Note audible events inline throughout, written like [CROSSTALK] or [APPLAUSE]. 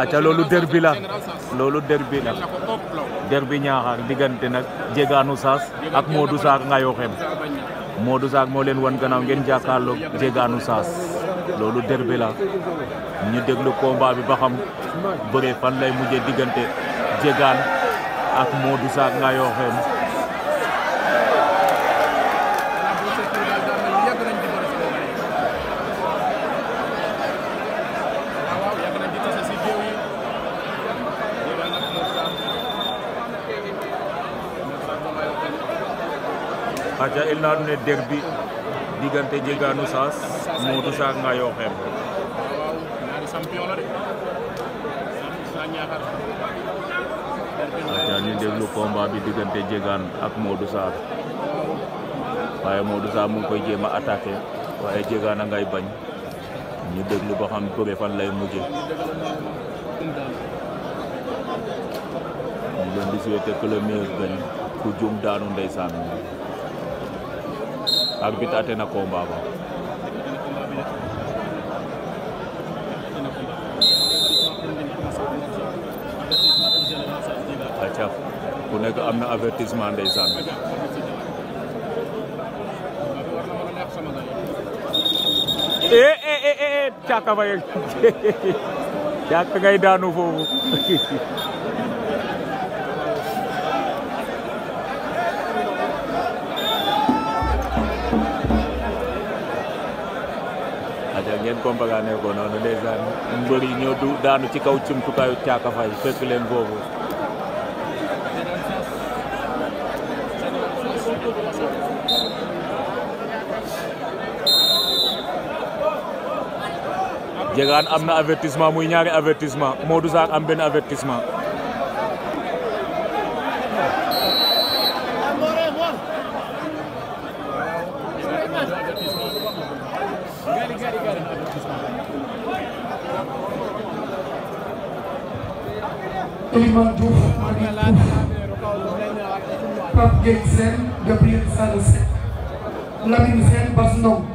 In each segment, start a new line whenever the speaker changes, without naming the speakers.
aca loolu derbi la loolu derbi la derbi Niakhar diggante nag jegaanu Saas ak Modou Sarr Ngayokhem Modou Sarr moo leen wan gannaaw ngeen jàkkaarloog Diegane Saas loolu derbi la ñu déglu combat bi ba xam bëre fan lay mujjee diggante Diegane ak Modou Sarr aca i leya nuun ee derby diggante Diegane Saas Modou saaganga Yokheem aca nu ndeglu combat bi diggante Diegane ak Modou Saas waaye moo Saas mu ngi koy jéem a attaqué waaye Diegane a ngay bañ ñu déglu ba xam bëre fan lay mujje ñu leen di souhaiter que le meilleur gagne jum daanu ndeysaan arbitre ate na combat ba acaf ku nekk am na avertissement ndeysaan ee eh, ee eh, ee eh, caaka faye [LAUGHS] caaka ngay daanu foofu [LAUGHS] ngeen comprendre ko noonu ndeysaan mbër yi ñoo du daanu ci kaw cumtukaayu caaka fay fekk leen boobu jegaan am na avertissement muy ñaari avertissement Modou Sarr am benn avertissement Elimane Diouf Malick Diouf Pape Gueye Gabriel Sall Seck Lamine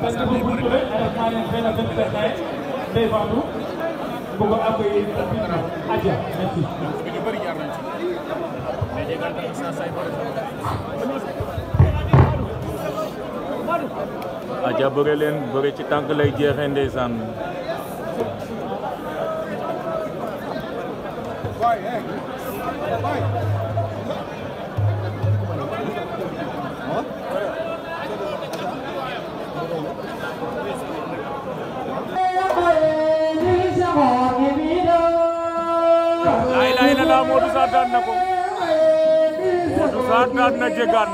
parce que bu ñu ko defee avec maa leen benn benn benn day faatu bu ko accueillir depuis Adja merci. ñu bëri jaar nañ lay lay la la Modou Sarr daan na ko Modou Sarr daan na jegaan